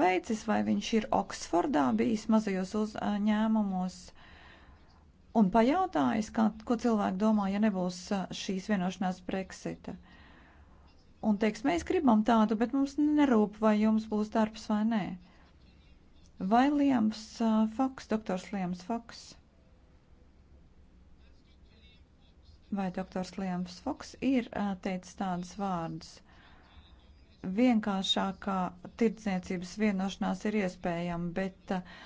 veicis, vai viņš ir Oksfordā bijis mazajos uzņēmumos un pajautājis, kā, ko cilvēki domā, ja nebūs šīs vienošanās Brexita. Un teiks, mēs gribam tādu, bet mums nerūp, vai jums būs darbs vai nē. Vai Liems Foks, doktors Liems Foks? Vai doktors Liems Foks ir teicis tādas vārdas? vienkāršākā tirdzniecības vienošanās ir iespējama, bet eh,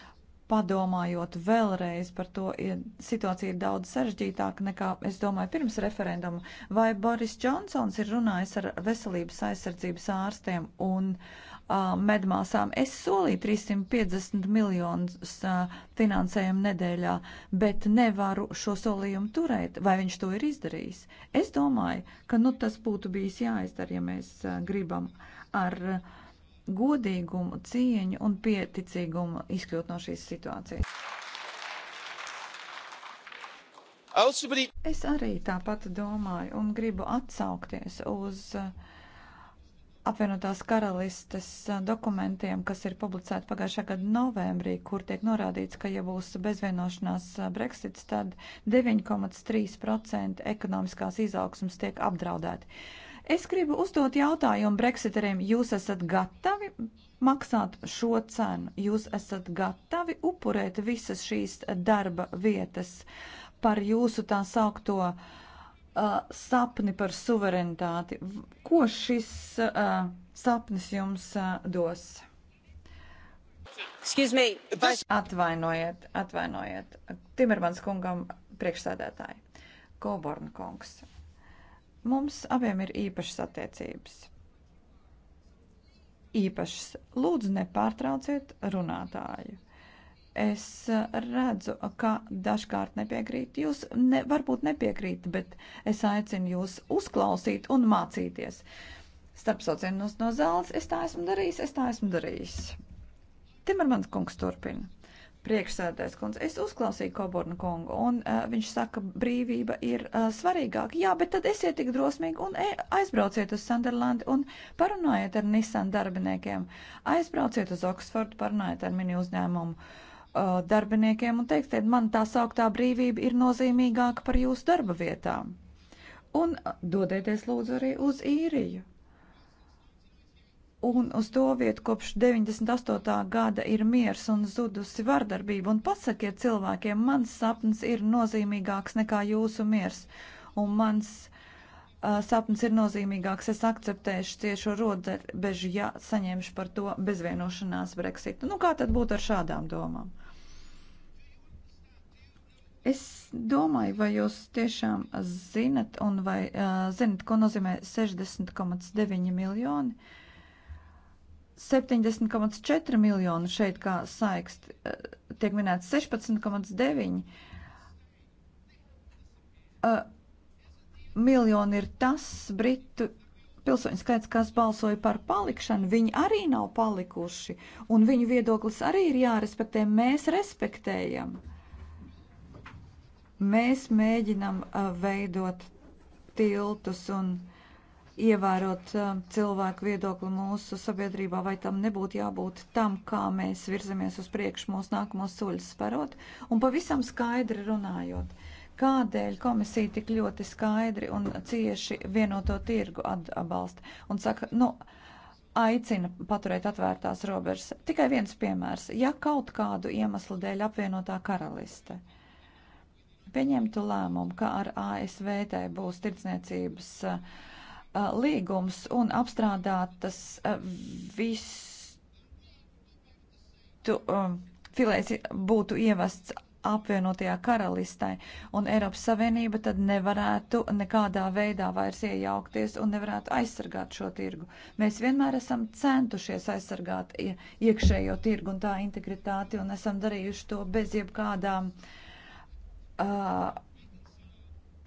padomājot vēlreiz par to, ja situācija ir daudz sarežģītāka nekā, es domāju, pirms referenduma. Vai Boris Džonsons ir runājis ar veselības aizsardzības ārstiem un uh, Um, medmāsām. Es solīju 350 miljonus uh, finansējumu nedēļā, bet nevaru šo solījumu turēt. Vai viņš to ir izdarījis? Es domāju, ka nu, tas būtu bijis jāizdara, ja mēs uh, gribam ar godīgumu, cieņu un pieticīgumu izkļūt no šīs situācijas. Es arī tāpat domāju un gribu atsaukties uz uh, apvienotās karalistes eh, dokumentiem, kas ir publicēti pagājušā gada novembrī, kur tiek norādīts, ka ja būs bezvienošanās eh, Brexits, tad 9,3% ekonomiskās izaugsmas tiek apdraudēti. Es gribu uzdot jautājumu Brexiteriem, jūs esat gatavi maksāt šo cenu, jūs esat gatavi upurēt visas šīs darba vietas par jūsu tā saukto uh, uh, sapni par suverenitāti. Ko šis uh, sapnis jums uh, dos? Me, but... Atvainojiet, atvainojiet. Timermans kungam priekšsēdētāji. Koborn kungs. Mums abiem ir īpašas attiecības. Īpašas. Lūdzu, nepārtrauciet runātāju Es uh, redzu, ka dažkārt nepiekrīt. Jūs ne, varbūt nepiekrīt, bet es aicinu jūs uzklausīt un mācīties. Starp saucienus no zāles es tā esmu darījis, es tā esmu darījis. Timermans kungs turpina. Priekšsēdētājs kundze, es uzklausīju Kobornu kungu, un uh, viņš saka, brīvība ir uh, svarīgāka. Jā, bet tad esiet tik drosmīgi un e aizbrauciet uz Sunderlandi un parunājiet ar Nissan darbiniekiem. Aizbrauciet uz Oksfordu, parunājiet ar mini uzņēmumu. Uh, uh, darbiniekiem un teiksiet, man tā sauktā brīvība ir nozīmīgāka par jūsu darba vietām. Un dodieties lūdzu arī uz īriju. Un uz to vietu kopš 98. gada ir miers un zudusi vardarbība. Un pasakiet cilvēkiem, mans sapnis ir nozīmīgāks nekā jūsu miers. Un mans uh, Uh, sapnis ir nozīmīgāks. Es akceptēšu tiešo robežu, ja saņemšu par to bezvienošanās Brexitu. Nu, kā tad būtu ar šādām domām? Es domāju, vai jūs tiešām zinat, un vai uh, zinat, ko nozīmē 60,9 miljoni? 70,4 miljoni šeit kā saikst, uh, tiek minēts 16,9. Uh, miljoni ir tas britu pilsoņu skaits, kas balsoja par palikšanu. Viņi arī nav palikuši, un viņu viedoklis arī ir jārespektē. Mēs respektējam. Mēs mēģinam uh, veidot tiltus un ievērot uh, cilvēku viedokli mūsu sabiedrībā, vai tam nebūtu jābūt tam, kā mēs virzamies uz priekšu mūsu nākamos soļus sparot un pavisam skaidri runājot. Uh, Kādēļ komisija tik ļoti skaidri un cieši vienoto tirgu atbalsta un saka, nu, aicina paturēt atvērtās robežas? Tikai viens piemērs. Ja kaut kādu iemeslu dēļ apvienotā karaliste pieņemtu lēmumu, ka ar ASV tai būs tirdzniecības līgums un apstrādātas visu filēs būtu ievests apvienotajā karalistē, un Eiropas Savienība tad nevarētu nekādā veidā vairs iejaukties un nevarētu aizsargāt šo tirgu. Mēs vienmēr esam centušies aizsargāt iekšējo tirgu un tā integritāti, un esam darījuši to bez jebkādām uh,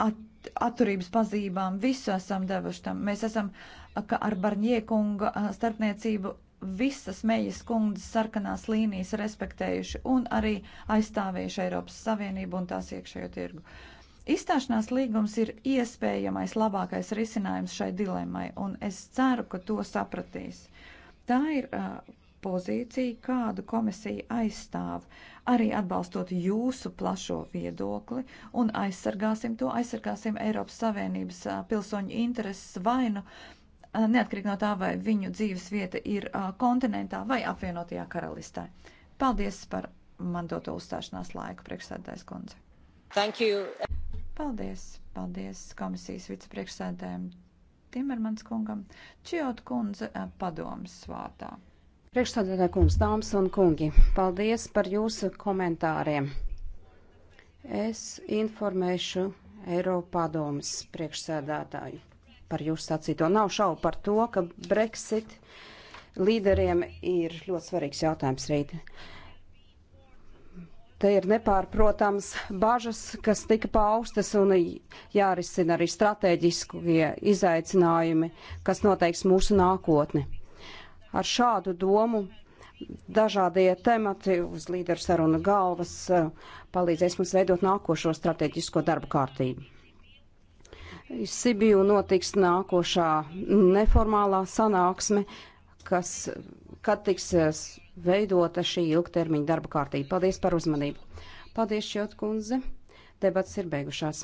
at, atturības pazīmām. Visu esam devuši tam. Mēs esam ar Barņiekunga starpniecību visas mejas kundzes sarkanās līnijas respektējuši un arī aizstāvējuši Eiropas Savienību un tās iekšējo tirgu. Izstāšanās līgums ir iespējamais labākais risinājums šai dilemmai, un es ceru, ka to sapratīs. Tā ir uh, pozīcija, kādu komisija aizstāv, arī atbalstot jūsu plašo viedokli, un aizsargāsim to, aizsargāsim Eiropas Savienības uh, pilsoņu intereses vainu. Uh, Eh, neatkarīgi no tā, vai viņu dzīves vieta ir eh, kontinentā vai apvienotajā karalistē. Paldies par man doto uzstāšanās laiku, priekšsēdētājs kundze. Thank you. Paldies, paldies komisijas vicepriekšsēdētājiem Timermans kungam, Čiot kundze eh, padomas vārdā. Priekšstādātāja kungs, dāmas un kungi, paldies par jūsu komentāriem. Es informēšu Eiropadomas priekšsēdētāju par jūsu sacīto. Nav šaubu par to, ka Brexit līderiem ir ļoti svarīgs jautājums rīt. Te ir nepārprotams bažas, kas tika paustas un jārisina arī strateģiskie izaicinājumi, kas noteiks mūsu nākotni. Ar šādu domu dažādie temati uz līderu sarunu galvas eh, palīdzēs mums veidot nākošo strateģisko darbu kārtību. Sibiju notiks nākošā neformālā sanāksme, kas, kad tiks eh, veidota šī ilgtermiņa darba kārtība. Paldies par uzmanību. Paldies, Šķiot kundze. Debats ir beigušās.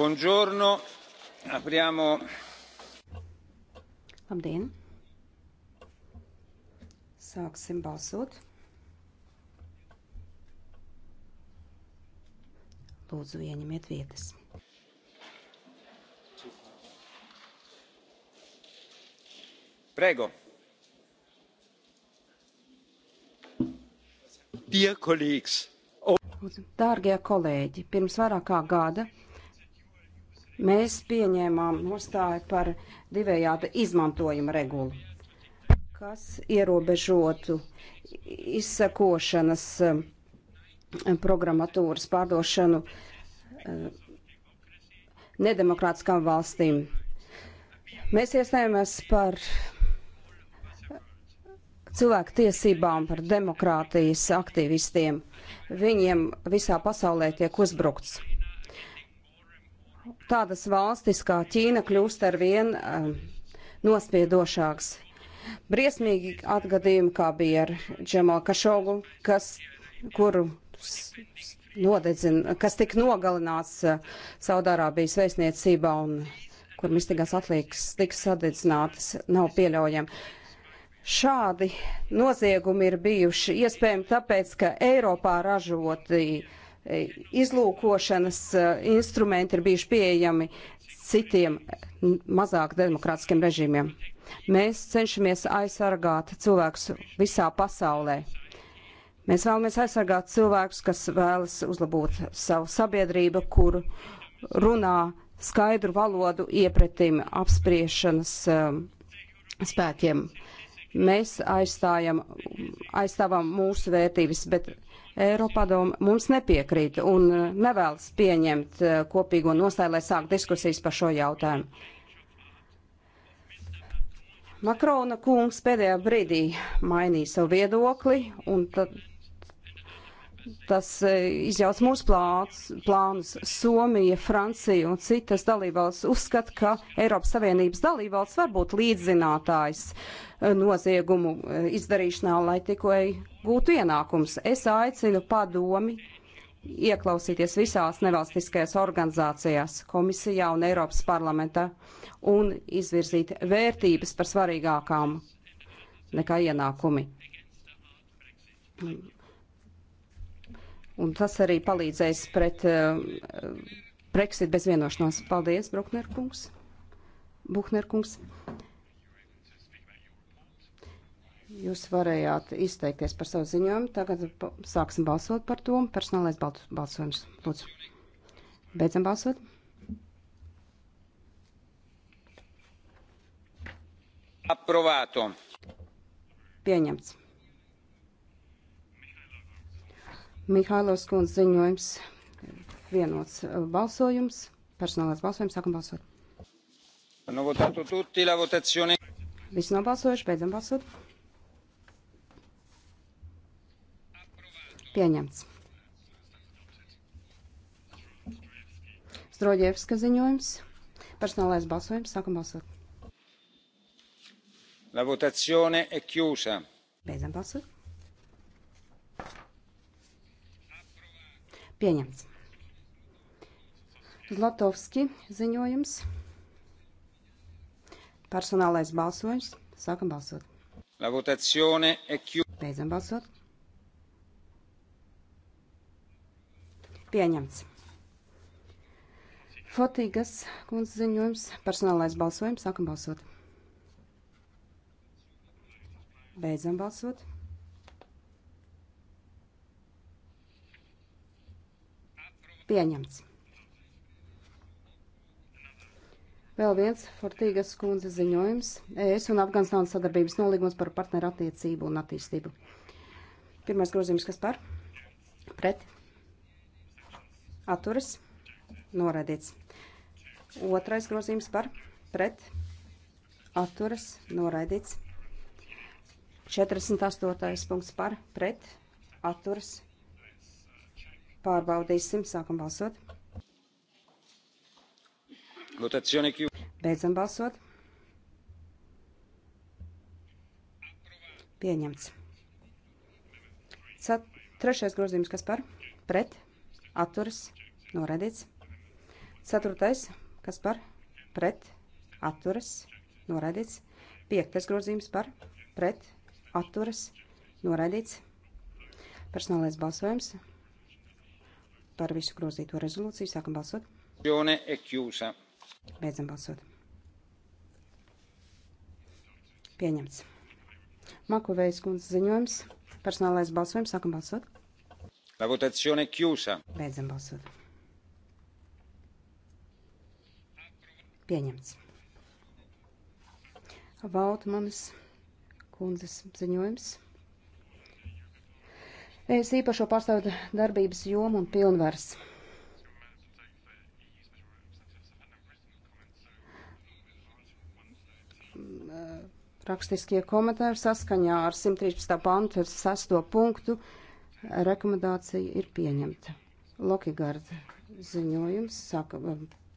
Buongiorno. Apriamo. Labdien. Sāksim balsot. Lūdzu, ieņemiet vietas. Prego. Dear colleagues, oh. Dārgie kolēģi, pirms vairāk kā gada mēs pieņēmām nostāju par divējādu izmantojumu regulu, kas ierobežotu izsakošanas eh, programmatūras pārdošanu eh, nedemokrātiskām valstīm. Mēs iestājāmies par cilvēku tiesībām, par demokrātijas aktīvistiem. Viņiem visā pasaulē tiek uzbrukts tādas valstis kā Ķīna kļūst ar vien um, eh, nospiedošāks. Briesmīgi atgadījumi, kā bija ar Džemalu Kašogu, kas, kuru nodedzina, kas tika nogalināts uh, Saudārābijas vēstniecībā un kur mistīgās atliekas tika sadedzinātas, nav pieļaujami. Šādi noziegumi ir bijuši iespējami tāpēc, ka Eiropā ražoti uh, E, izlūkošanas e, instrumenti ir bijuši pieejami citiem mazāk demokrātiskiem režīmiem. Mēs cenšamies aizsargāt cilvēkus visā pasaulē. Mēs vēlamies aizsargāt cilvēkus, kas vēlas uzlabot savu sabiedrību, kur runā skaidru valodu iepratīm apspriešanas um, spēkiem. Uh, Mēs aizstājam, aizstāvam mūsu vērtības, bet Eiropadoma mums nepiekrīt un eh, nevēlas pieņemt eh, kopīgo nostāju, lai sāk diskusijas par šo jautājumu. Makrona kungs pēdējā brīdī mainīja savu viedokli, un tad tas e, izjauc mūsu plāns, plānus. Somija, Francija un citas dalībvalsts uzskata, ka Eiropas Savienības dalībvalsts var būt līdzzinātājs e, noziegumu e, izdarīšanā, lai tikai gūtu ienākums. Es aicinu padomi ieklausīties visās nevalstiskajās organizācijās, komisijā un Eiropas parlamentā un izvirzīt vērtības par svarīgākām nekā ienākumi Un tas arī palīdzēs pret uh, Brexit bez vienošanās. Paldies, Bruckner kungs. Buhner kungs. Jūs varējāt izteikties par savu ziņojumu. Tagad sāksim balsot par to. Personālais balsojums. Lūdzu. Beidzam balsot. Aprovāto. Pieņemts. Mihālos kundz ziņojums vienots eh, balsojums, personālais balsojums, sākam balsot. Visi nobalsojuši, beidzam balsot. Pieņemts. Stroģievska ziņojums. Personālais balsojums. Sākam balsot. La votazione è chiusa. Beidzam balsot. Pieņemts. Zlatovski ziņojums. Personālais balsojums. Sākam balsot. La votazione è chiusa. Beidzam balsot. Pieņemts. Fotīgas kundze ziņojums. Personālais balsojums. Sākam balsot. Beidzam balsot. Pieņemts. Vēl viens Fortīgas kundze ziņojums - ES un Afganistānas sadarbības nolīgums par partneru attiecību un attīstību. Pirmais grozījums, kas par? Pret. Atturas. Noraidīts. Otrais grozījums par? Pret. Atturas. Noraidīts. 48. punkts par? Pret. Atturas. Pārbaudīsim, sākam balsot. Beidzam balsot. Pieņemts. Cet trešais grozījums, kas par? Pret, atturas, noredīts. Ceturtais, kas par? Pret, atturas, noredīts. Piektais grozījums par? Pret, atturas, noredīts. Personālais balsojums par visu grozīto rezolūciju. Sākam balsot. Beidzam balsot. Pieņemts. Makovejas kundzes ziņojums. Personālais balsojums. Sākam balsot. La votazione è chiusa. Beidzam balsot. Pieņemts. Vautmanis kundzes ziņojums. Es īpašo pārstāvu darbības jomu un pilnvars. Rakstiskie komentāri saskaņā ar 113. pantu 6. punktu rekomendācija ir pieņemta. Lokigarda ziņojums, saka,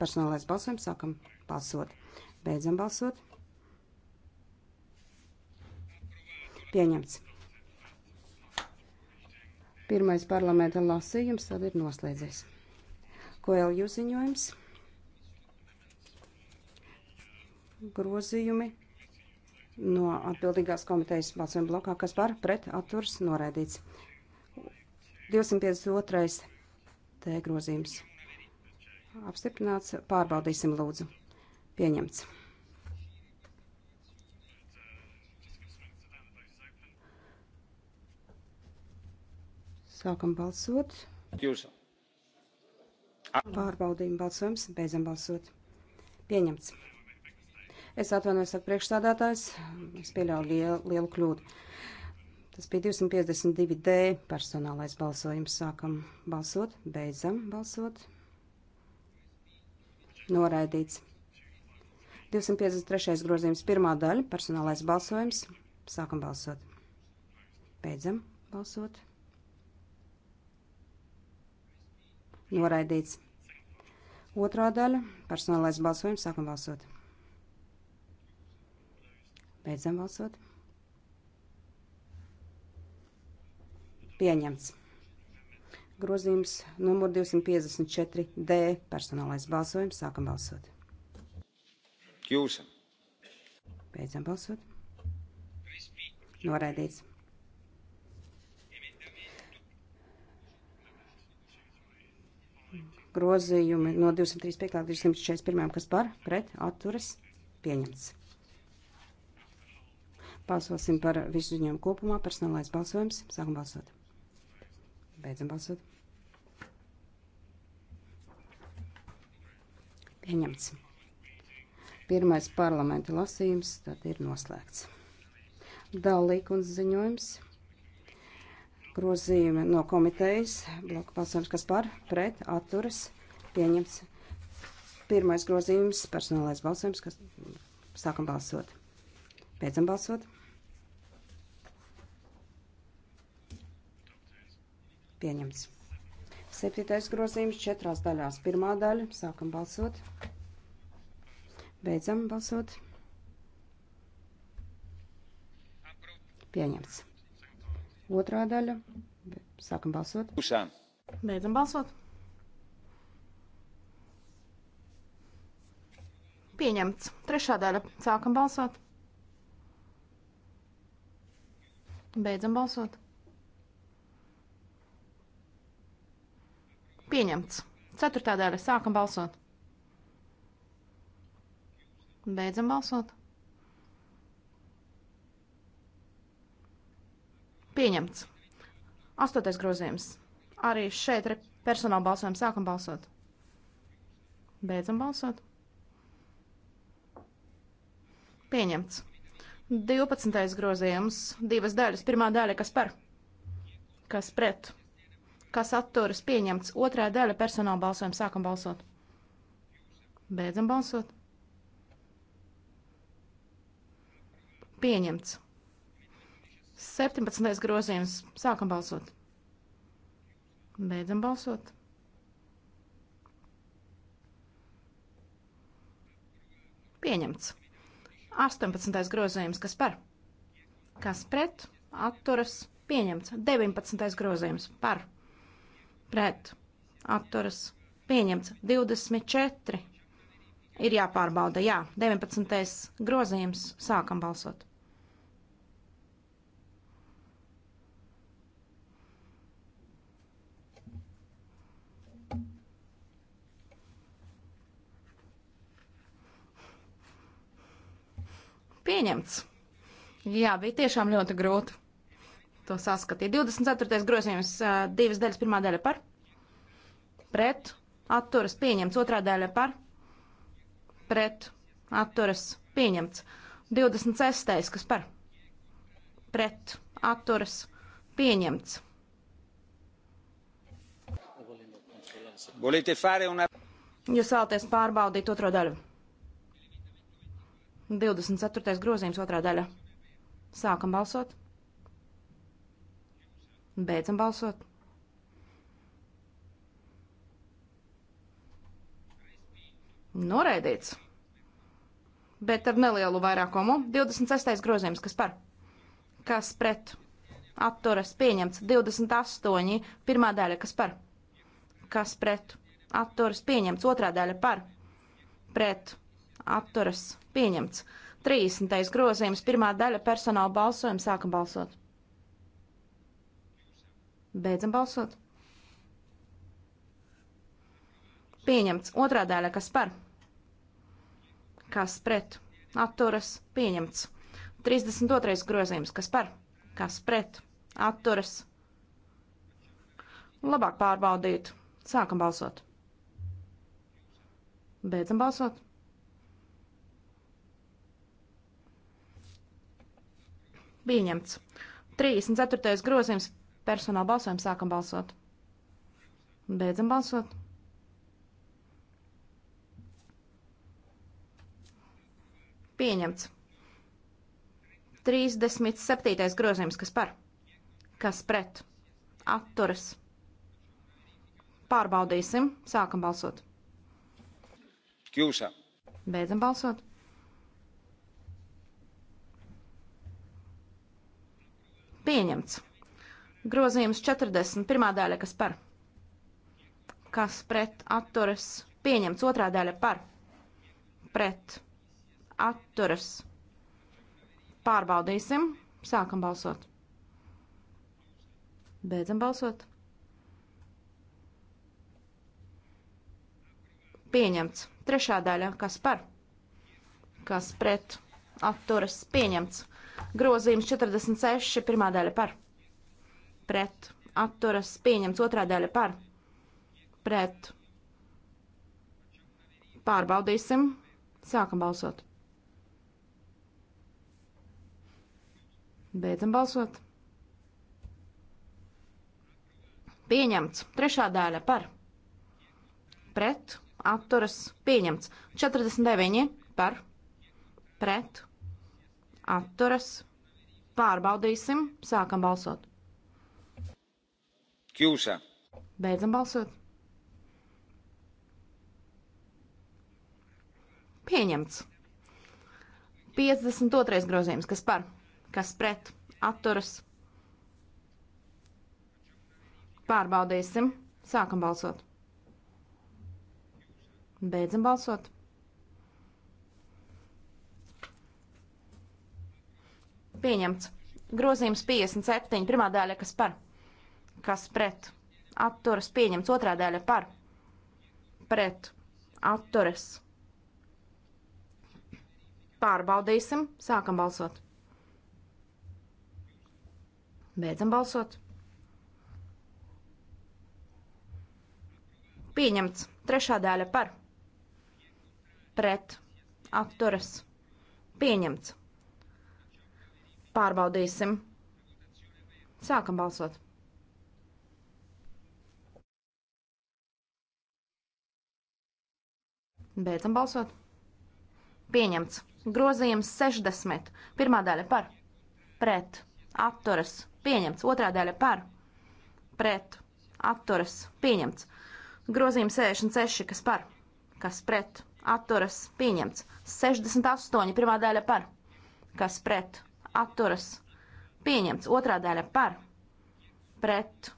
personālais balsojums, sākam balsot. Beidzam balsot. Pieņemts. Pirmais parlamenta lasījums tad ir noslēdzies. Koelju ziņojums. Grozījumi no atbildīgās komitejas balsojuma blokā, kas par pret atturs noraidīts. 252. T grozījums. Apstiprināts. Pārbaudīsim lūdzu. Pieņemts. Sākam balsot. Jūs. Pārbaudījuma balsojums, beidzam balsot. Pieņemts. Es atvainojos ar priekšstādātājs, es pieļauju lielu, lielu kļūdu. Tas bija 252D personālais balsojums. Sākam balsot, beidzam balsot. Noraidīts. 253. grozījums pirmā daļa personālais balsojums. Sākam balsot. Beidzam balsot. Noraidīts. Otrā daļa - personālais balsojums. Sākam balsot. Beidzam balsot. Pieņemts. Grozījums numur 254 D. Personālais balsojums. Sākam balsot. Kjūsam. Beidzam balsot. Noraidīts. grozījumi no 235 līdz 141, kas par pret atturas pieņemts. Balsosim par visu ziņojumu kopumā. Personālais balsojums. Sākam balsot. Beidzam balsot. Pieņemts. Pirmais parlamenta lasījums tad ir noslēgts. Dalīkuns ziņojums grozījumi no komitejas, bloka balsojums, kas par, pret, atturas, pieņemts. Pirmais grozījums, personālais balsojums, kas sākam balsot. Beidzam balsot. Pieņemts. Septītais grozījums četrās daļās. Pirmā daļa, sākam balsot. Beidzam balsot. Pieņemts. Otrā daļa. Sākam balsot. Pusā. Beidzam balsot. Pieņemts. Trešā daļa. Sākam balsot. Beidzam balsot. Pieņemts. Ceturtā daļa. Sākam balsot. Beidzam balsot. Pieņemts. Astotais grozījums. Arī šeit ir personāla balsojums. Sākam balsot. Beidzam balsot. Pieņemts. 12. grozījums. Divas daļas. Pirmā daļa, kas par? Kas pret? Kas atturas? Pieņemts. Otrā daļa personāla balsojums. Sākam balsot. Beidzam balsot. Pieņemts. 17. grozījums. Sākam balsot. Beidzam balsot. Pieņemts. 18. grozījums, kas par? Kas pret? Atturas. Pieņemts. 19. grozījums par. Pret. Atturas. Pieņemts. 24. Ir jāpārbauda. Jā. 19. grozījums. Sākam balsot. pieņemts. Jā, bija tiešām ļoti grūti to saskatīt. 24. grozījums, divas daļas, pirmā daļa par, pret, atturas, pieņemts, otrā daļa par, pret, atturas, pieņemts. 26. kas par, pret, atturas, pieņemts. Jūs vēlaties pārbaudīt otro daļu? 24. grozījums otrā daļa. Sākam balsot. Beidzam balsot. Noraidīts. Bet ar nelielu vairākumu. 26. grozījums, kas par? Kas pret? Atturas pieņemts. 28. Pirmā daļa, kas par? Kas pret? Atturas pieņemts. Otrā daļa par? Pret atturas pieņemts. 30. grozījums, pirmā daļa personāla balsojuma, sākam balsot. Beidzam balsot. Pieņemts. Otrā daļa, kas par? Kas pret? Atturas pieņemts. 32. grozījums, kas par? Kas pret? Atturas. Labāk pārbaudīt. Sākam balsot. Beidzam balsot. Pieņemts. 34. grozījums personāla balsojums. Sākam balsot. Beidzam balsot. Pieņemts. 37. grozījums, kas par, kas pret, atturas. Pārbaudīsim, sākam balsot. Kļūšā. Beidzam balsot. Pieņemts. Grozījums 40. Pirmā daļa, kas par? Kas pret atturas? Pieņemts. Otrā daļa par? Pret atturas. Pārbaudīsim. Sākam balsot. Beidzam balsot. Pieņemts. Trešā daļa, kas par? Kas pret atturas? Pieņemts. Grozījums 46, pirmā daļa par, pret, atturas, pieņemts otrā daļa par, pret. Pārbaudīsim, sākam balsot. Beidzam balsot. Pieņemts. Trešā daļa par. Pret. Atturas. Pieņemts. 49 par. Pret atturas. Pārbaudīsim, sākam balsot. Kjūsa. Beidzam balsot. Pieņemts. 52. grozījums, kas par, kas pret, atturas. Pārbaudīsim, sākam balsot. Beidzam balsot. Pieņemts. Grozījums 57. Pirmā daļa, kas par? Kas pret? Atturas. Pieņemts. Otrā daļa par? Pret. Atturas. Pārbaudīsim. Sākam balsot. Beidzam balsot. Pieņemts. Trešā daļa par? Pret. Atturas. Pieņemts. Pārbaudīsim. Sākam balsot. Beidzam balsot. Pieņemts. Grozījums 60. Pirmā daļa par. Pret. Atturas. Pieņemts. Otrā daļa par. Pret. Atturas. Pieņemts. Grozījums 66. Kas par. Kas pret. Atturas. Pieņemts. 68. Pirmā daļa par. Kas pret atturas pieņemts. Otrā daļa par pret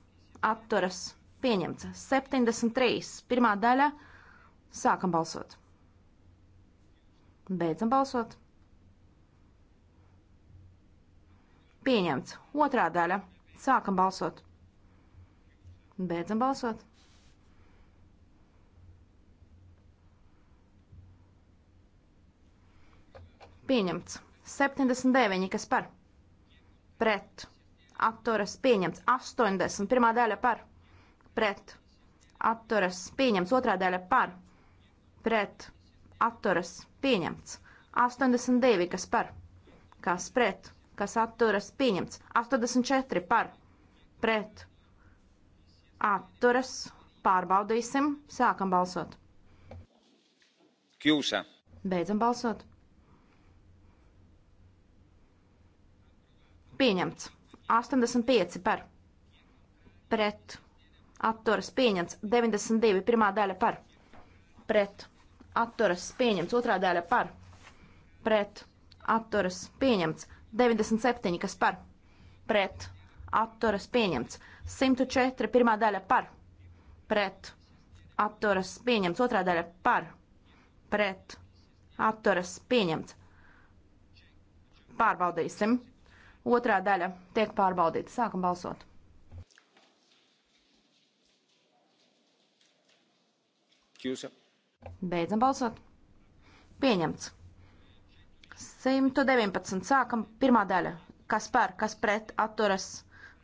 atturas pieņemts. 73. Pirmā daļa sākam balsot. Beidzam balsot. Pieņemts. Otrā daļa sākam balsot. Beidzam balsot. Pieņemts. 79, kas par? Pret. Atturas pieņemts. 80. Pirmā daļa par. Pret. Atturas pieņemts. Otrā daļa par. Pret. Atturas pieņemts. 82. Kas par? Kas pret? Kas atturas pieņemts. 84. Par. Pret. Atturas. Pārbaudīsim. Sākam balsot. Kjūsa. Beidzam balsot. Pieņemts. 85 par. Pret. Atturas pieņemts. 92. Pirmā daļa par. Pret. Atturas pieņemts. Otrā daļa par. Pret. Atturas pieņemts. 97. Kas par? Pret. Atturas pieņemts. 104. Pirmā daļa par. Pret. Atturas pieņemts. Otrā daļa par. Pret. Atturas pieņemts. Pārbaudīsim. Otrā daļa tiek pārbaudīta. Sākam balsot. Kjūsa. Beidzam balsot. Pieņemts. 119. Sākam pirmā daļa. Kas par, kas pret, atturas.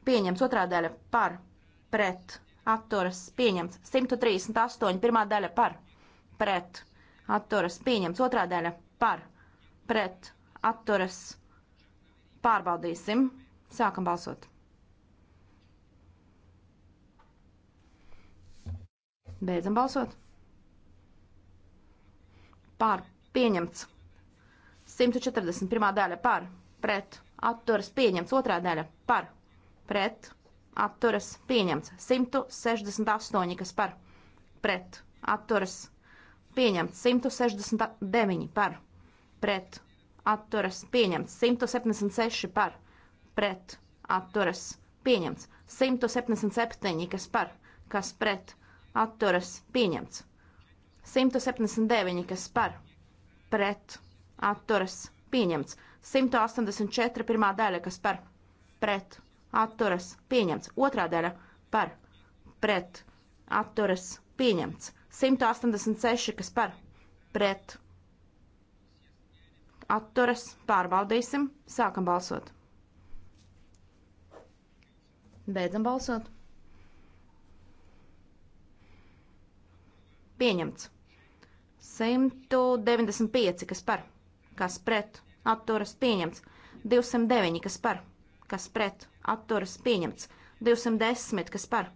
Pieņemts. Otrā daļa par, pret, atturas. Pieņemts. 138. Pirmā daļa par, pret, atturas. Pieņemts. Otrā daļa par, pret, atturas Pārbaudīsim. Sākam balsot. Beidzam balsot. Pār. Pieņemts. 141. daļa par. Pret. Atturas. Pieņemts. Otrā daļa par. Pret. Atturas. Pieņemts. 168. kas par. Pret. Atturas. Pieņemts. 169 par. Pret atturas pieņemts. 176 par pret atturas pieņemts. 177 kas par, kas pret atturas pieņemts. 179 kas par pret atturas pieņemts. 184 pirmā daļa kas par pret atturas pieņemts. Otrā daļa par pret atturas pieņemts. 186 kas par pret atturas, pārbaudīsim, sākam balsot. Beidzam balsot. Pieņemts. 195, kas par, kas pret, atturas, pieņemts. 209, kas par, kas pret, atturas, pieņemts. 210, kas par,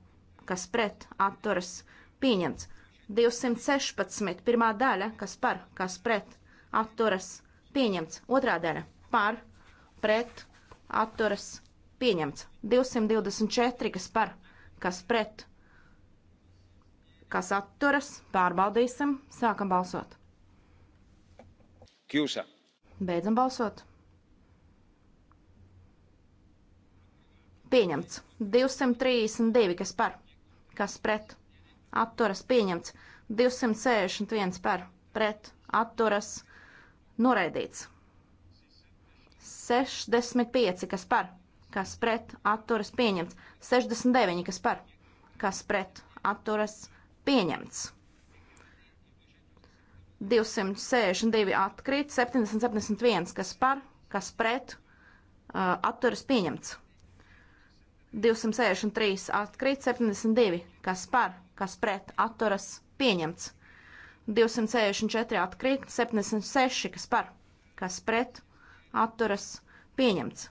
kas pret, atturas, pieņemts. 216, pirmā daļa, kas par, kas pret, atturas, pieņemts. Otrā daļa par, pret, atturas, pieņemts. 224, kas par, kas pret, kas atturas, pārbaudīsim, sākam balsot. Kjūsa. Beidzam balsot. Pieņemts. 232, kas par, kas pret, atturas, pieņemts. 261 par, pret, atturas, pieņemts Noraidīts. 65, kas par, kas pret, atturas pieņemts. 69, kas par, kas pret, atturas pieņemts. 262 atkrīt, 771, uh, kas par, kas pret, atturas pieņemts. 263 atkrīt, 72, kas par, kas pret, atturas pieņemts. 264 atkrīt, 76, kas par, kas pret, atturas, pieņemts.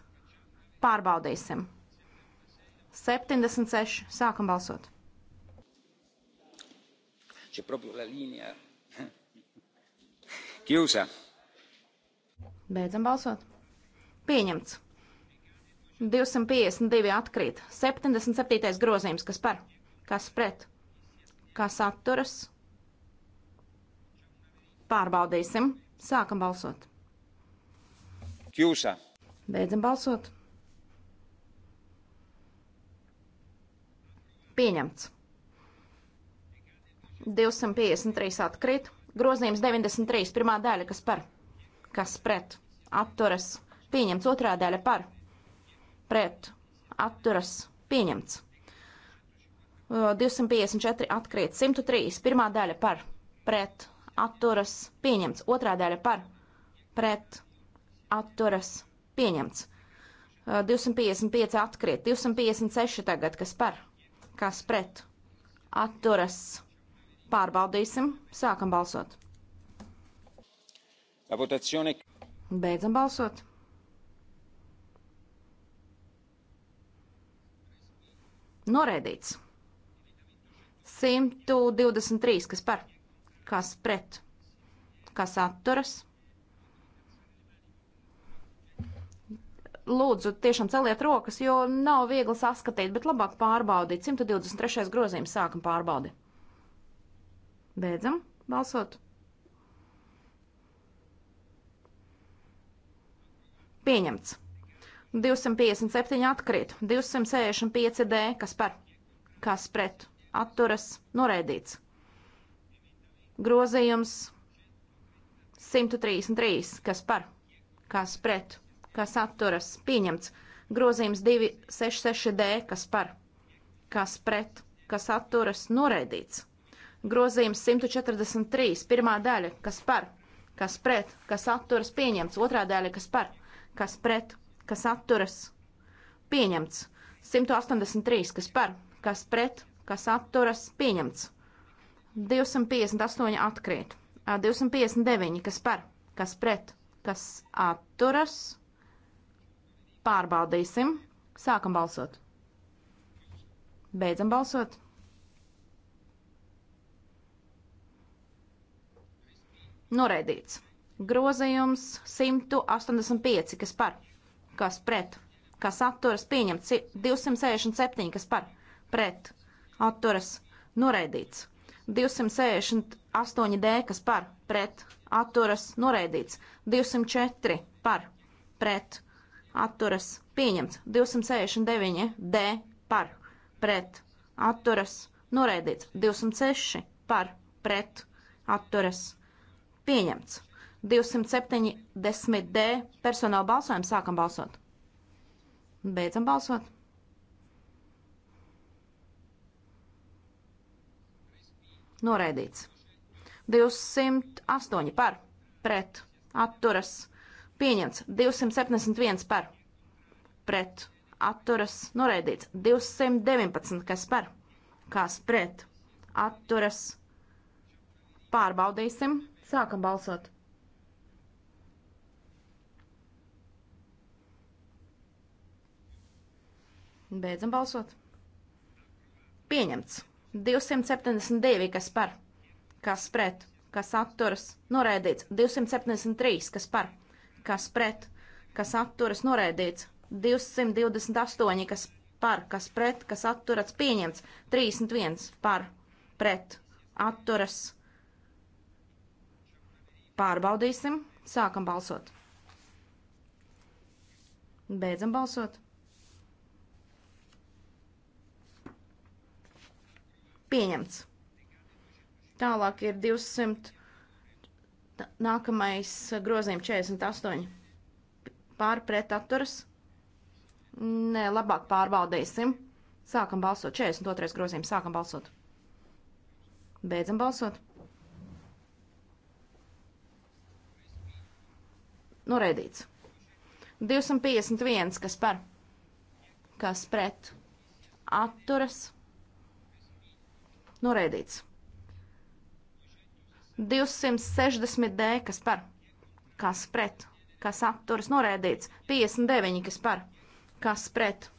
Pārbaudīsim. 76, sākam balsot. C'è proprio la linea. Chiusa. Beidzam balsot. Pieņemts. 252 atkrīt. 77. grozījums, kas par, kas pret, kas atturas, Pārbaudīsim. Sākam balsot. Kjūsa. Beidzam balsot. Pieņemts. 253 atkrīt. Grozījums 93. Pirmā daļa, kas par, kas pret, atturas, pieņemts. Otrā daļa par, pret, atturas, pieņemts. 254 atkrīt. 103. Pirmā daļa par, pret, atturas pieņemts. Otrā daļa par pret atturas pieņemts. 255 atkrīt, 256 tagad, kas par, kas pret atturas. Pārbaudīsim, sākam balsot. Beidzam balsot. Noraidīts. 123, kas par kas pret, kas atturas. Lūdzu, tiešām celiet rokas, jo nav viegli saskatīt, bet labāk pārbaudīt. 123. grozījums sākam pārbaudi. Beidzam balsot. Pieņemts. 257 atkrīt, 265 D, kas par, kas pret, atturas, noraidīts. Grozījums 133. Kas par? Kas pret? Kas atturas? Pieņemts. Grozījums 266D. Kas par? Kas pret? Kas atturas? Noraidīts. Grozījums 143. Pirmā daļa. Kas par? Kas pret? Kas atturas? Pieņemts. Otrā daļa. Kas par? Kas pret? Kas atturas? Pieņemts. 183. Kas par? Kas pret? Kas atturas? Pieņemts. 258 atkrīt. 259, kas par, kas pret, kas atturas. Pārbaudīsim. Sākam balsot. Beidzam balsot. Noraidīts. Grozījums 185, kas par, kas pret, kas atturas, pieņemts 267, kas par, pret, atturas, noraidīts. 268 D, kas par pret atturas noraidīts, 204 par pret atturas pieņemts, 269 D par pret atturas noraidīts, 206 par pret atturas pieņemts, 270 D personāla balsojums sākam balsot. Beidzam balsot. Noraidīts. 208 par, pret, atturas, pieņemts. 271 par, pret, atturas, noraidīts. 219 kas par, kas pret, atturas. Pārbaudīsim, sākam balsot. Beidzam balsot. Pieņemts. 272, kas par, kas pret, kas atturas, noraidīts. 273, kas par, kas pret, kas atturas, noraidīts. 228, kas par, kas pret, kas atturas, pieņemts. 31 par, pret, atturas. Pārbaudīsim, sākam balsot. Beidzam balsot. Pieņemts. Tālāk ir 200. Nākamais grozījums 48. Pārpret atturas. Nē, labāk pārbaudīsim. Sākam balsot. 42. grozījums. Sākam balsot. Beidzam balsot. Noraidīts. 251. Kas par? Kas pret? Atturas. Noraidīts. 260 D, kas par, kas pret, kas atturas, noraidīts. 59, kas par, kas pret,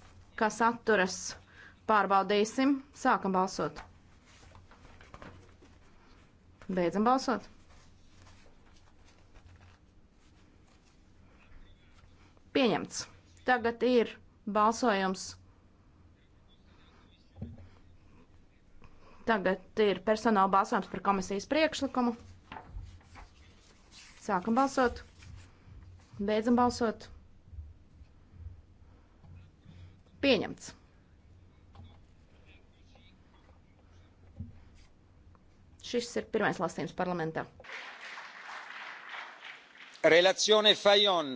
kas atturas. Pārbaudīsim, sākam balsot. Beidzam balsot. Pieņemts. Tagad ir balsojums Tagad ir personāla balsojums par komisijas priekšlikumu. Sākam balsot. Beidzam balsot. Pieņemts. Šis ir pirmais lasījums parlamentā. Relazione Fajon.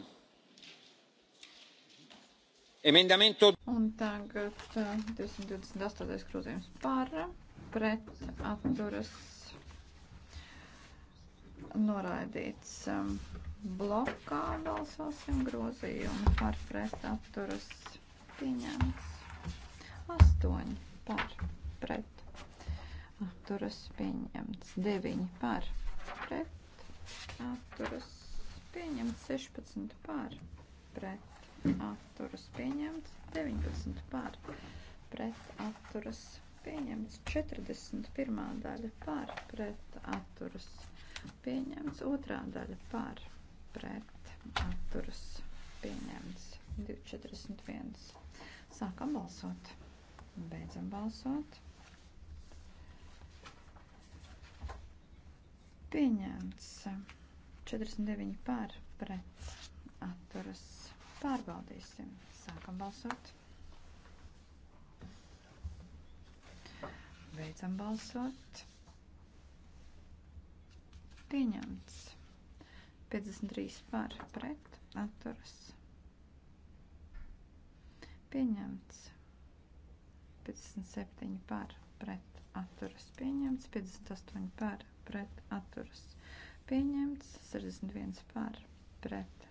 Emendamento. Un tagad 228. Eh, grozījums par pret atturas noraidīts um, blokā balsosim grozījumu par pretatturas pieņemts. Astoņi par pret atturas pieņemts. Deviņi par pret atturas pieņemts. 16 par pret atturas pieņemts. 19 par pret atturas pieņemts. Pieņemts 41. daļa par pret atturas. Pieņemts otrā daļa par pret atturas. Pieņemts 241. Sākam balsot. Beidzam balsot. Pieņemts 49 par pret atturas. Pārbaudīsim. Sākam balsot. Beidzam balsot. Pieņemts. 53 par pret atturas. Pieņemts. 57 par pret atturas. Pieņemts. 58 par pret atturas. Pieņemts. 61 par pret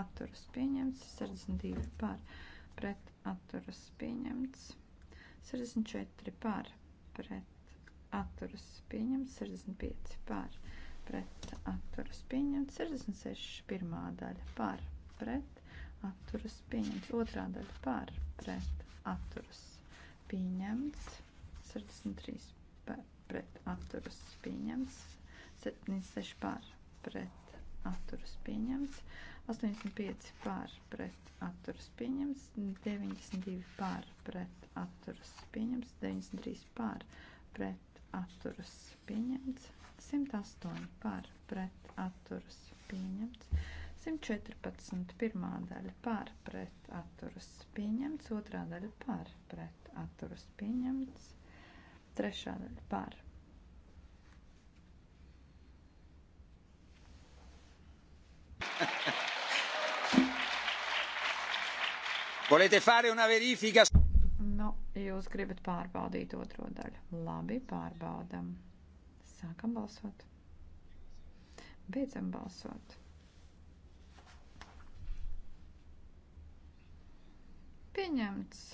atturas. Pieņemts. 62 par pret atturas. Pieņemts. 64 par pret atturas pieņemts 65 par pret atturas pieņemts 66 pirmā daļa par pret atturas pieņemts otrā daļa par pret atturas pieņemts 63 par pret atturas pieņemts 76 par pret atturas pieņemts 85 par pret atturas pieņemts 92 par pret atturas pieņemts, 93 pār pret atturas pieņemts, 108 pār pret atturas pieņemts, 114 pirmā daļa pār pret atturas pieņemts, otrā daļa pār pret atturas pieņemts, trešā daļa pār Volete fare una verifica? Jūs gribat pārbaudīt otro daļu. Labi, pārbaudam. Sākam balsot. Beidzam balsot. Pieņemts.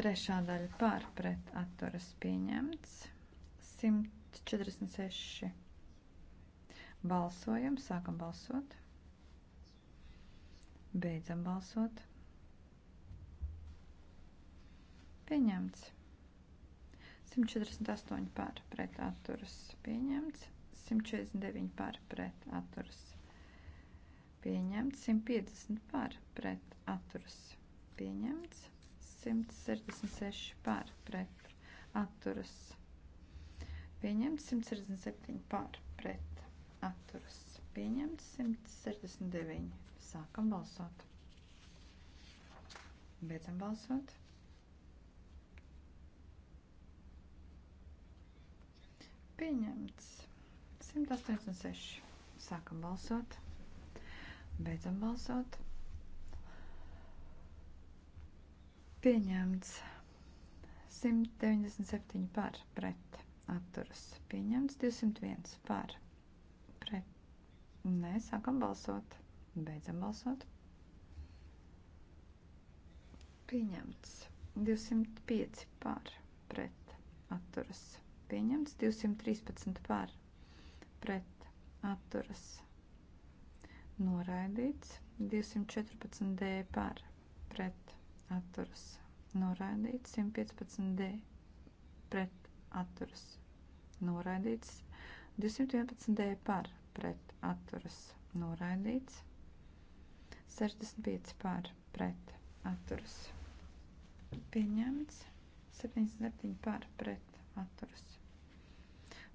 Trešā daļa pār pret atturas pieņemts. 146. Balsojam, sākam balsot. Beidzam balsot. Pieņemts. 148 par pret atturas pieņemts. 149 par pret atturas pieņemts. 150 par pret atturas pieņemts. 166 par pret atturas pieņemts. 167 par pret atturas pieņemts. 169. Sākam balsot. Beidzam balsot. Pieņemts. 186. Sākam balsot. Beidzam balsot. Pieņemts. 197 par pret atturas. Pieņemts 201 par pret. Nē, sākam balsot. Beidzam balsot. Pieņemts 205 par pret atturas pieņemts. 213 par pret atturas noraidīts. 214 D par pret atturas noraidīts. 115 D pret atturas noraidīts. 211 D par pret atturas noraidīts. 65 par pret atturas pieņemts. 77 par pret atturas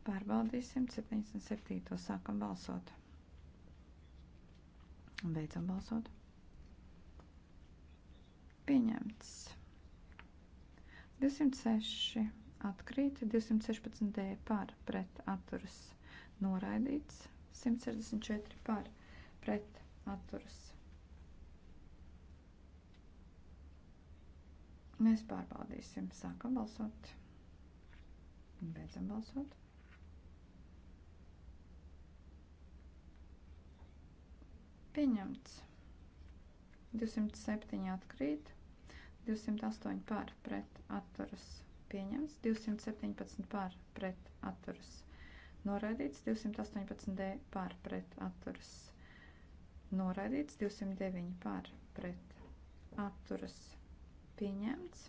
Pārbaudīsim 77. sākam balsot. Beidzam balsot. Pieņemts. 206 atkrīt, 216 D par pret atturas noraidīts, 164 par pret atturas. Mēs pārbaudīsim. Sākam balsot. Beidzam balsot. Pieņemts. 207 atkrīt. 208 par pret atturas pieņemts. 217 par pret atturas noraidīts. 218 D par pret atturas noraidīts. 209 par pret atturas pieņemts.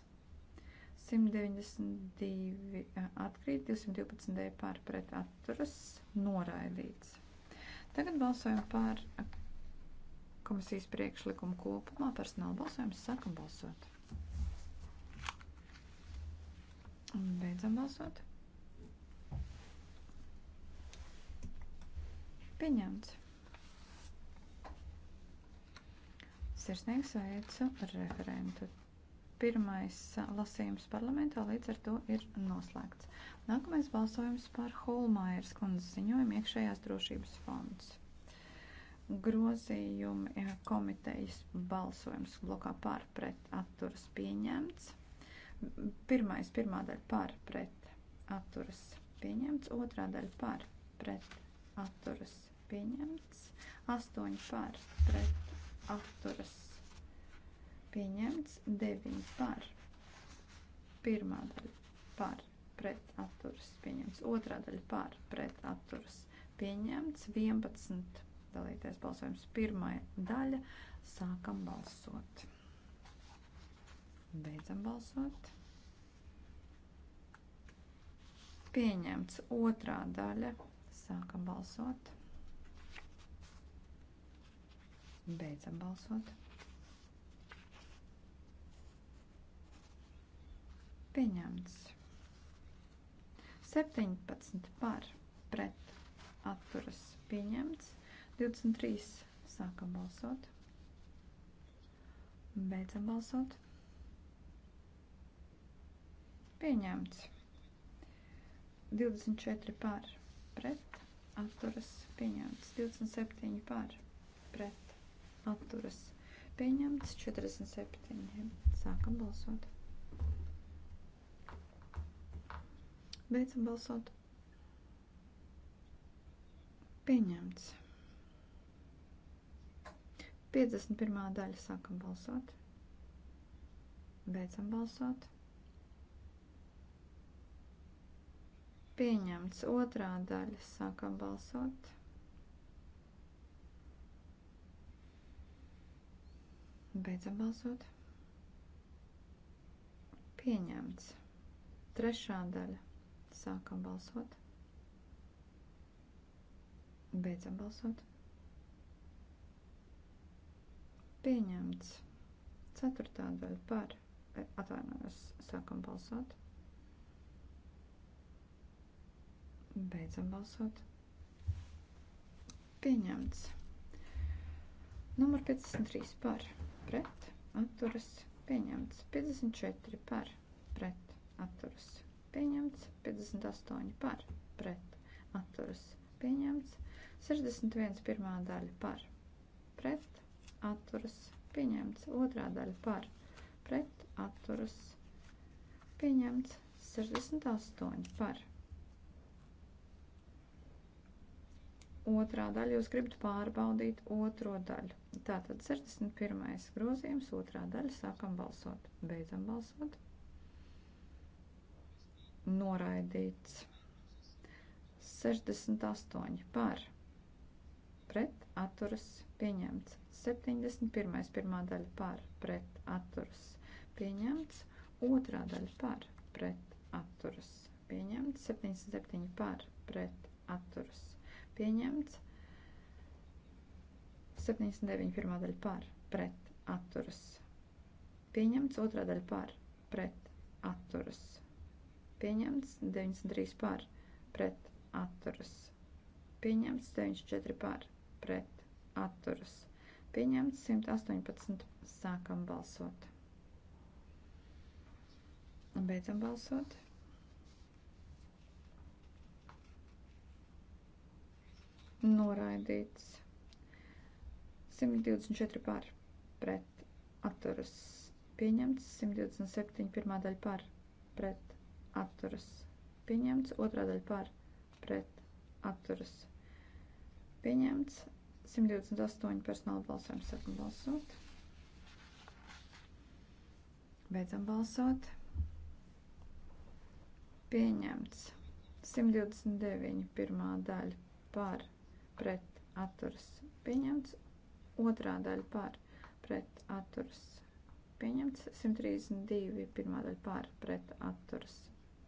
192 eh, atkrīt, 212 D par pret atturas noraidīts. Tagad balsojam par komisijas priekšlikumu kopumā. Personāla balsojums sākam balsot. Un beidzam balsot. Pieņemts. Sirsnīgi sveicu referentu. Pirmais lasījums parlamentā līdz ar to ir noslēgts. Nākamais balsojums par Holmaiers kundzes ziņojumu iekšējās drošības fonds grozījumi eh, komitejas balsojums blokā pār pret atturas pieņemts. Pirmais, pirmā daļa pār pret atturas pieņemts, otrā daļa pār pret atturas pieņemts, astoņi pār pret atturas pieņemts, deviņi pār pirmā daļa pār pret atturas pieņemts, otrā daļa pār pret atturas pieņemts, vienpadsmit dalīties balsojums. Pirmā daļa - sākam balsot. Beidzam balsot. Pieņemts otrā daļa - sākam balsot. Beidzam balsot. Pieņemts. 17 par pret atturas pieņemts. 23. Sākam balsot. Beidzam balsot. Pieņemts. 24 par pret atturas pieņemts. 27 par pret atturas pieņemts. 47. Sākam balsot. Beidzam balsot. Pieņemts. 51. daļa sākam balsot. Beidzam balsot. Pieņemts otrā daļa sākam balsot. Beidzam balsot. Pieņemts. Trešā daļa. Sākam balsot. Beidzam balsot. Pieņemts. Ceturtā daļa par. Atvainojos, sākam balsot. Beidzam balsot. Pieņemts. Numur 53 par. Pret. Atturas. Pieņemts. 54 par. Pret. Atturas. Pieņemts. 58 par. Pret. Atturas. Pieņemts. 61 pirmā daļa par. Pret atturas pieņemts. Otrā daļa par pret atturas pieņemts. 68 par. Otrā daļa jūs gribat pārbaudīt otro daļu. Tātad 61. grozījums, otrā daļa, sākam balsot, beidzam balsot. Noraidīts. 68 par. Pret atturas pieņemts. 71. pirmā daļa par pret atturas pieņemts, otrā daļa par pret atturas pieņemts, 77 par pret atturas pieņemts, 79. pirmā daļa par pret atturas pieņemts, otrā daļa par pret atturas pieņemts, 93 par pret atturas pieņemts, 94 par pret atturas pieņemts. 118. Sākam balsot. Un beidzam balsot. Noraidīts. 124 par pret atturas pieņemts. 127 pirmā daļa par pret atturas pieņemts. Otrā daļa par pret atturas pieņemts 128 personāla balsojums sākam balsot. Beidzam balsot. Pieņemts. 129 pirmā daļa par pret atturas pieņemts. Otrā daļa par pret atturas pieņemts. 132 pirmā daļa par pret atturas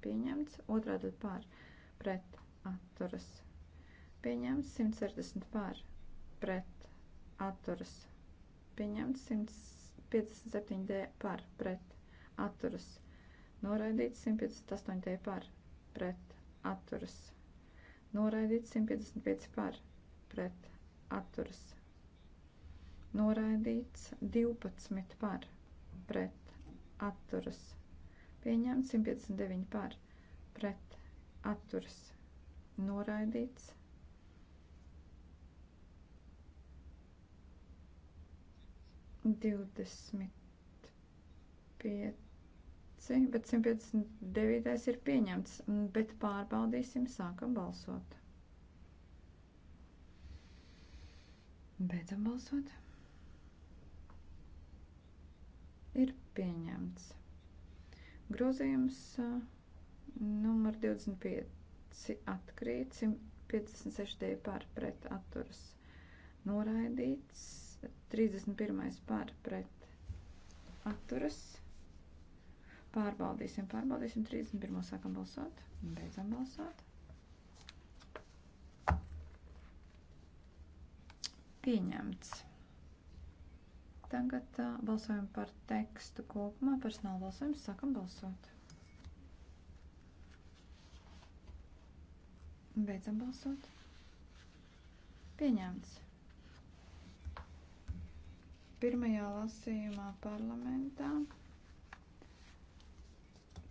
pieņemts. Otrā daļa par pret atturas pieņemts. 160 par pret atturas pieņemts, 157D par pret atturas noraidīts, 158D par pret atturas noraidīts, 155 par pret atturas noraidīts, 12 par pret atturas pieņemts, 159 par pret atturas noraidīts. 25, bet 159 ir pieņemts, bet pārbaudīsim, sākam balsot. Beidzam balsot. Ir pieņemts. Grozījums numur 25 atkrīt, 156 dēļ pārpret atturas noraidīts. 31. par pret atturas. Pārbaudīsim, pārbaudīsim 31. sākam balsot un beidzam balsot. Pieņemts. Tagad uh, balsojam par tekstu kopumā, personāla balsojums, sākam balsot. Beidzam balsot. Pieņemts pirmajā lasījumā parlamentā.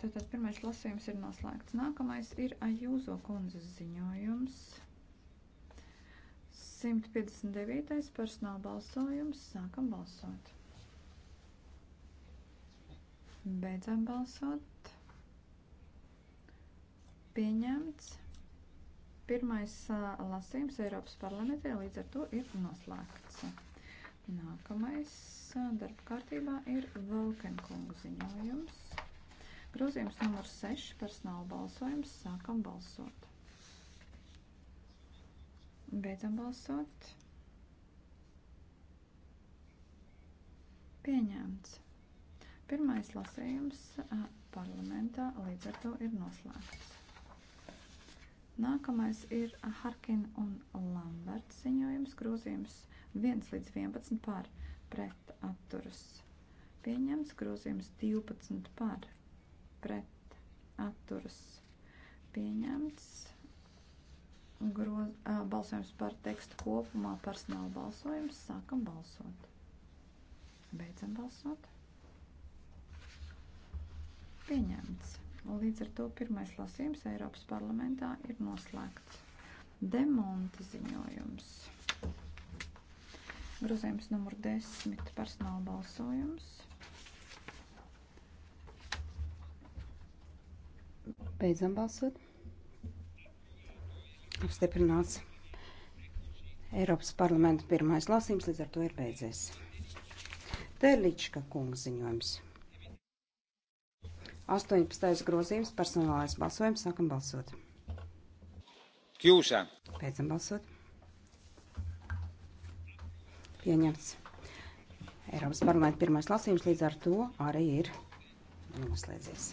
Tātad pirmais lasījums ir noslēgts. Nākamais ir Ajūzo kundzes ziņojums. 159. personāla balsojums. Sākam balsot. Beidzam balsot. Pieņemts. Pirmais lasījums Eiropas parlamentē līdz ar to ir noslēgts. Nākamais darba kārtībā ir Velkenkunga ziņojums. Grozījums numur 6 personāla balsojums. Sākam balsot. Beidzam balsot. Pieņemts. Pirmais lasījums parlamentā līdz ar to ir noslēgts. Nākamais ir Harkina un Lamberts ziņojums grozījums 6 1 līdz 11 par pret atturas pieņemts, grozījums 12 par pret atturas pieņemts, groz, a, balsojums par tekstu kopumā, personāla balsojums, sākam balsot. Beidzam balsot. Pieņemts. Līdz ar to pirmais lasījums Eiropas parlamentā ir noslēgts. Demonta ziņojums. Grozījums numur 10 personāla balsojums. Beidzam balsot. Apstiprināts Eiropas parlamenta pirmais lasījums, līdz ar to ir beidzies. Terlička kungs ziņojums. 18. grozījums personālais balsojums. Sākam balsot. Kjūšā. Beidzam balsot pieņemts Eiropas parlamenta pirmais lasījums, līdz ar to arī ir noslēdzies.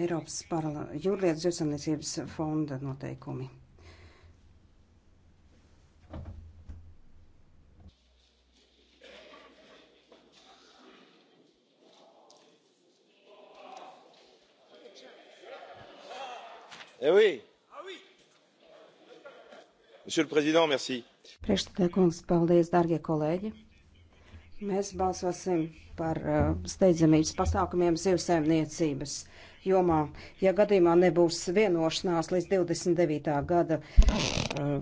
Eiropas parla... jūrlietas jūsamniecības fonda noteikumi. Eh oui. Priekšstādā kungs, paldies, dārgie kolēģi! Mēs balsosim par uh, steidzamības pasākumiem zivsēmniecības jomā. Ja gadījumā nebūs vienošanās līdz 29. gada uh,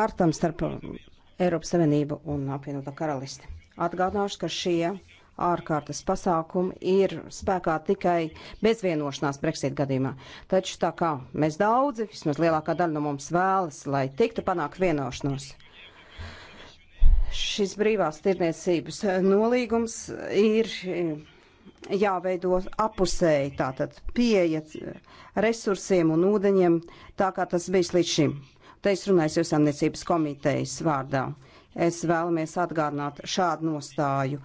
martam starp Eiropas Savienību un apvienotā karalisti. Atgādināšu, ka šie ārkārtas pasākumi ir spēkā tikai bezvienošanās Brexit gadījumā. Taču tā kā mēs daudzi, vismaz lielākā daļa no mums vēlas, lai tiktu panākt vienošanos. Šis brīvās tirniecības nolīgums ir jāveido apusēji, tātad pieeja resursiem un ūdeņiem, tā kā tas bijis līdz šim. Te es runāju zemniecības komitejas vārdā. Es vēlamies atgādināt šādu nostāju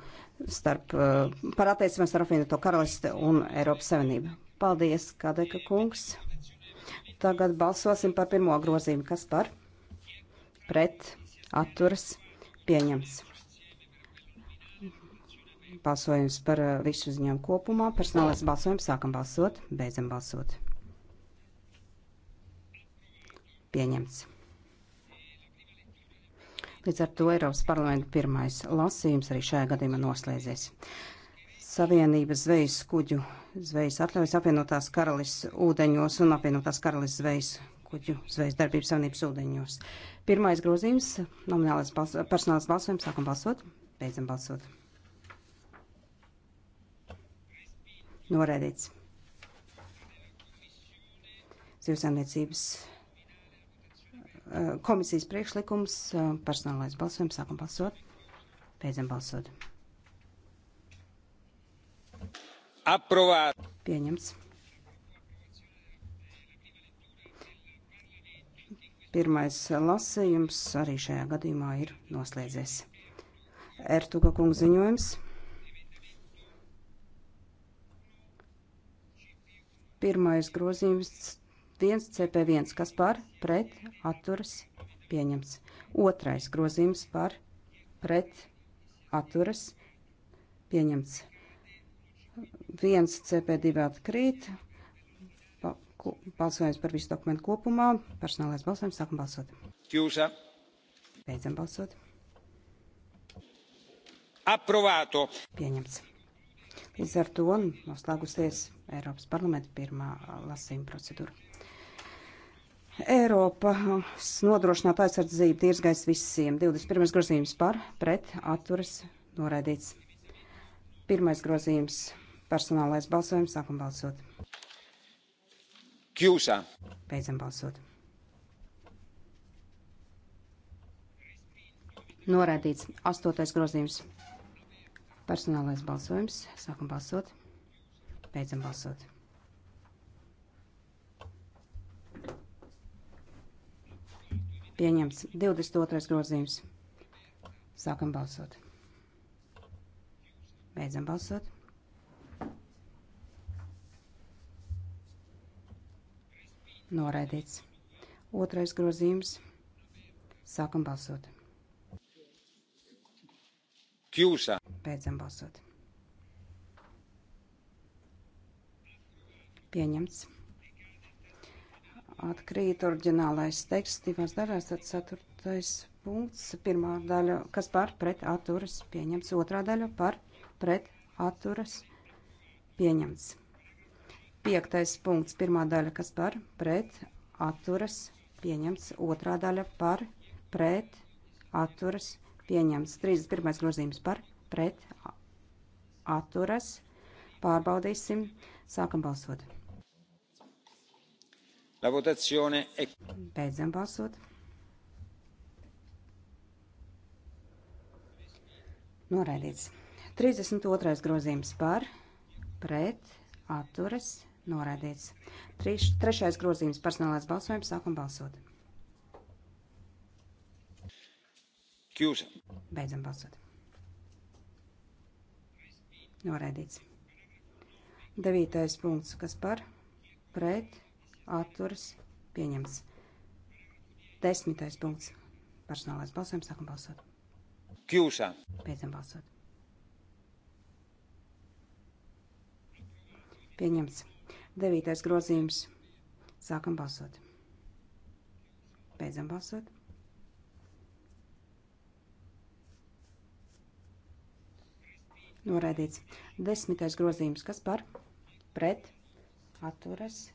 starp, eh, par attiecībām starp apvienoto karalisti un Eiropas Savienību. Paldies, Kadeka kungs. Tagad balsosim par pirmo grozījumu. Kas par? Pret, atturas, pieņems. Balsojums par eh, visu ziņām kopumā. Personālais balsojums. Sākam balsot, beidzam balsot. Pieņemts. Līdz ar to Eiropas parlamenta pirmais lasījums arī šajā gadījumā noslēdzies. Savienības zvejas kuģu zvejas atļaujas apvienotās karalis ūdeņos un apvienotās karalis zvejas kuģu zvejas darbības savienības ūdeņos. Pirmais grozījums - nominālais bals personāls balsojums. Sākam balsot, beidzam balsot. Norēdīts. Zivsaimniecības komisijas priekšlikums, personālais balsojums, sākam balsot, beidzam balsot. Aprovēt. Pieņemts. Pirmais lasījums arī šajā gadījumā ir noslēdzies. Ertuga kungs ziņojums. Pirmais grozījums 1 CP1, kas par pret atturas pieņemts. Otrais grozījums par pret atturas pieņemts. 1 CP2 atkrīt. Balsojums par visu dokumentu kopumā. Personālais balsojums. Sākam balsot. Chiusa. Beidzam balsot. Aprovāto. Pieņemts. Līdz ar to noslēgusies Eiropas parlamenta pirmā lasījuma procedūra. Eiropas nodrošināt aizsardzību tirzgais visiem. 21. grozījums par, pret, atturas, noraidīts. Pirmais grozījums - personālais balsojums. Sākam balsot. Kjūsā. Beidzam balsot. Noraidīts. Astotais grozījums - personālais balsojums. Sākam balsot. Beidzam balsot. Pieņemts 22. grozījums. Sākam balsot. Beidzam balsot. Noraidīts. Otrais grozījums. Sākam balsot. Kjūsa. Beidzam balsot. Pieņemts atkrīt oriģinālais teksts divās daļās, tad ceturtais punkts, pirmā daļa, kas par pret atturas pieņemts, otrā daļa par pret atturas pieņemts. Piektais punkts, pirmā daļa, kas par pret atturas pieņemts, otrā daļa par pret atturas pieņemts. 31. grozījums par pret atturas pārbaudīsim, sākam balsot. La votazione è... Beidzam balsot. Noraidīts. 32. grozījums par, pret, atturas, noraidīts. 3. grozījums personālais balsojums, sākam balsot. Kjūsa. Beidzam balsot. Noraidīts. 9. punkts, kas par, pret, atturas atturas pieņemts. Desmitais punkts. Personālais balsojums. Sākam balsot. Kjūšā. Beidzam balsot. Pieņemts. Devītais grozījums. Sākam balsot. Beidzam balsot. Noraidīts. Desmitais grozījums. Kas par? Pret. Atturas.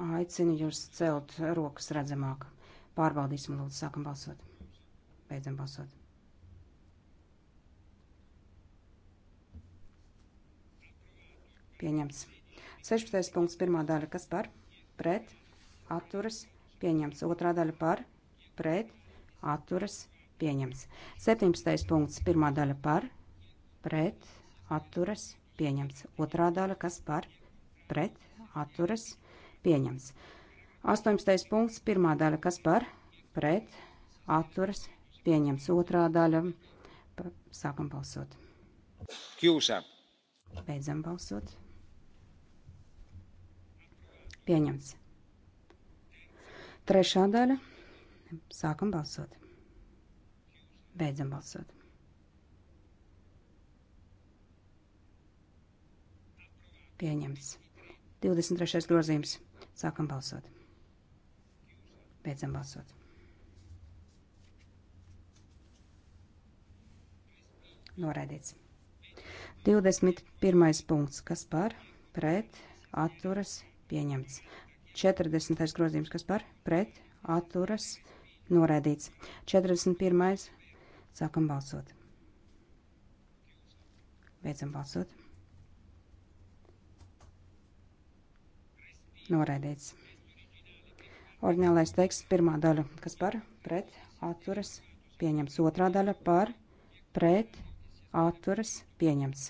Aicinu jūs celt rokas redzamāk. Pārbaudīsim, lūdzu, sākam balsot. Beidzam balsot. Pieņemts. 16. punkts, pirmā daļa, kas par, pret, atturas, pieņemts. Otrā daļa par, pret, atturas, pieņemts. 17. punkts, pirmā daļa par, pret, atturas, pieņemts. Otrā daļa, kas par, pret, atturas, pieņemts pieņems. 18. punkts, pirmā daļa, kas par, pret, atturas, pieņems. Otrā daļa, sākam balsot. Kjūsā. Beidzam balsot. Pieņems. Trešā daļa, sākam balsot. Beidzam balsot. Pieņems. 23. grozījums Sākam balsot. Beidzam balsot. Noraidīts. 21. punkts. Kas par? Pret. Atturas. Pieņemts. 40. grozījums. Kas par? Pret. Atturas. Noraidīts. 41. Sākam balsot. Beidzam balsot. Noraidīts. Orģinālais teksts pirmā daļa, kas par pret atturas pieņemts. Otrā daļa par pret atturas pieņemts.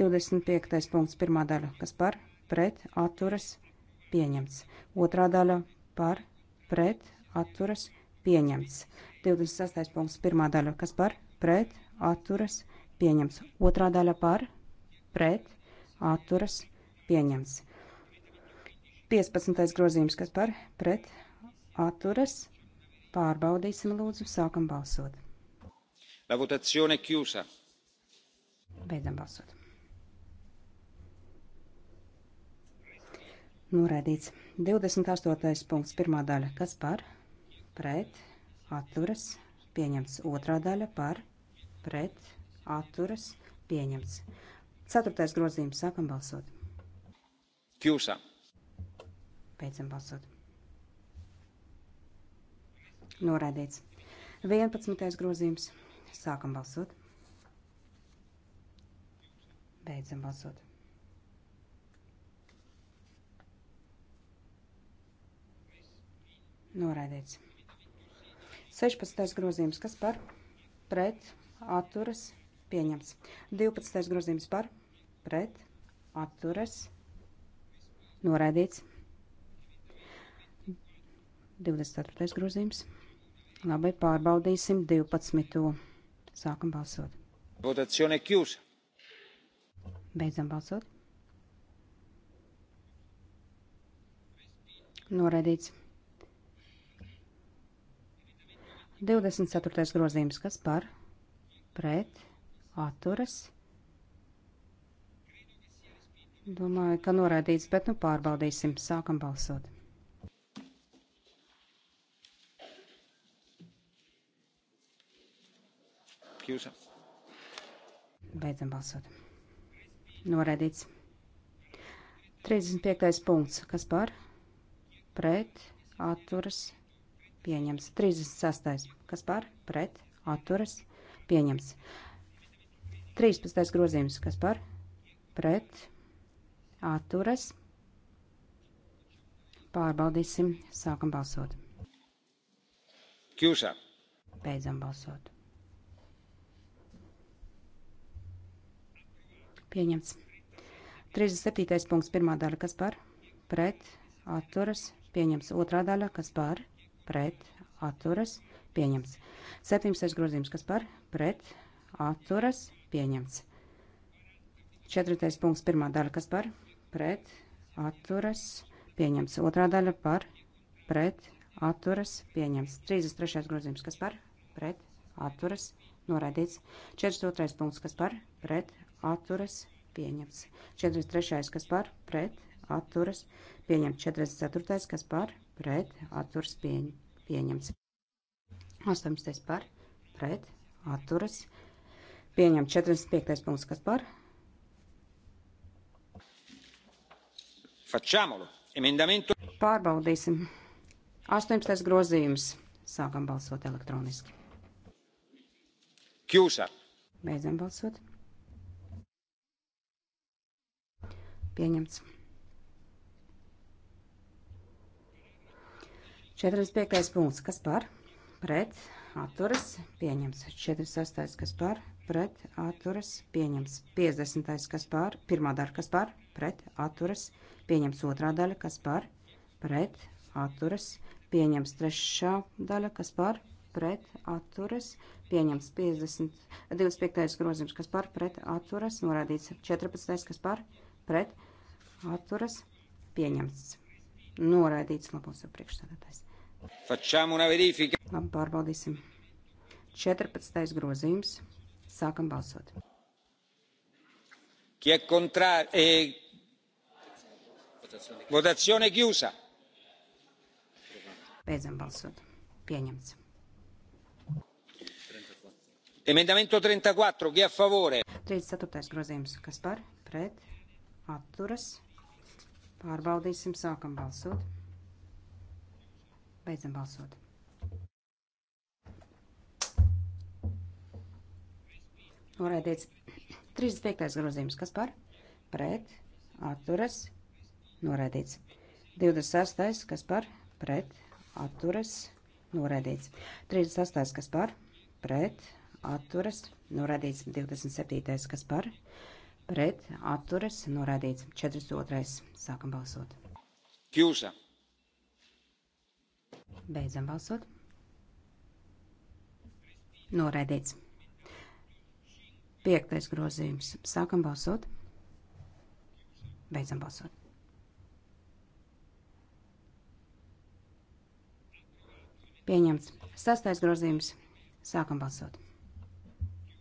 25. punkts pirmā daļa, kas par pret atturas pieņemts. Otrā daļa par pret atturas pieņemts. 26. punkts pirmā daļa, kas par pret atturas pieņemts. Otrā daļa par pret atturas pieņemts. 15. grozījums, kas par pret atturas. Pārbaudīsim, lūdzu, sākam balsot. La votazione chiusa. Beidzam balsot. Noraidīts. 28. punkts, pirmā daļa, kas par pret atturas. Pieņemts otrā daļa par pret atturas. Pieņemts. Ceturtais grozījums, sākam balsot. Chiusa. Beidzam balsot. Noraidīts. 11. grozījums. Sākam balsot. Beidzam balsot. Noraidīts. 16. grozījums. Kas par? Pret. Atturas. Pieņemts. 12. grozījums par. Pret. Atturas. Noraidīts. 24. grozījums. Labi, pārbaudīsim 12. Sākam balsot. Votazione chiusa. Beidzam balsot. Noraidīts. 24. grozījums, kas par, pret, atturas. Domāju, ka noraidīts, bet nu pārbaudīsim. Sākam balsot. Chiusa. Beidzam balsot. Noraidīts. 35. punkts. Kas par? Pret, atturas, pieņems. 36. Kas par? Pret, atturas, pieņems. 13. grozījums. Kas par? Pret, atturas. Pārbaudīsim. Sākam balsot. Kjūsā. Beidzam balsot. Pieņemts. 37. punkts, pirmā daļa, kas par, pret, atturas, pieņemts. Otrā daļa, kas par, pret, atturas, pieņemts. 17. grozījums, kas par, pret, atturas, pieņemts. 4. punkts, pirmā daļa, kas par, pret, atturas, pieņemts. Otrā daļa par, pret, atturas, pieņemts. 33. grozījums, kas par, pret, atturas, noraidīts. 42. punkts, kas par, pret, atturas, pieņemts. 43. kas par, pret, atturas, pieņemts. 44. kas par, pret, atturas, pieņ, pieņemts. 18. par, pret, atturas, pieņemts. 45. punkts, kas par. Facciamolo. Emendamento. Pārbaudīsim. 18. grozījums. Sākam balsot elektroniski. Kjūsa. Beidzam balsot. Pieņemts. 45. punkts. Kas par? Pret. Atturas. Pieņemts. 46. kas par? Pret. Atturas. Pieņemts. 50. kas par? Pirmā daļa. Kas par? Pret. Atturas. Pieņemts. Otrā daļa. Kas par? Pret. Atturas. Pieņemts. Trešā daļa. Kas par? Pret. Atturas. Pieņemts. 50. 25. grozījums. Kas par? Pret. Atturas. Norādīts. 14. kas par? Pret atturas pieņemts. Noraidīts labos priekšstādātājs. Facciamo una verifica. Labi, pārbaudīsim. 14. grozījums. Sākam balsot. Chi è contrario? Eh... Votazione chiusa. Beidzam balsot. Pieņemts. Emendamento 34, chi è a favore? 34. grozījums. Kas par? Pret? Atturas? Pārbaudīsim, sākam balsot. Beidzam balsot. Noraidīts 35. grozījums. Kas par? Pret. Atturas. Noraidīts. 26. Kas par? Pret. Atturas. Noraidīts. 38. Kas par? Pret. Atturas. Noraidīts. 27. Kas par? Pret pret atturas norādīts 42. Sākam balsot. Kjūsa. Beidzam balsot. Noraidīts. Piektais grozījums. Sākam balsot. Beidzam balsot. Pieņemts. Sastais grozījums. Sākam balsot.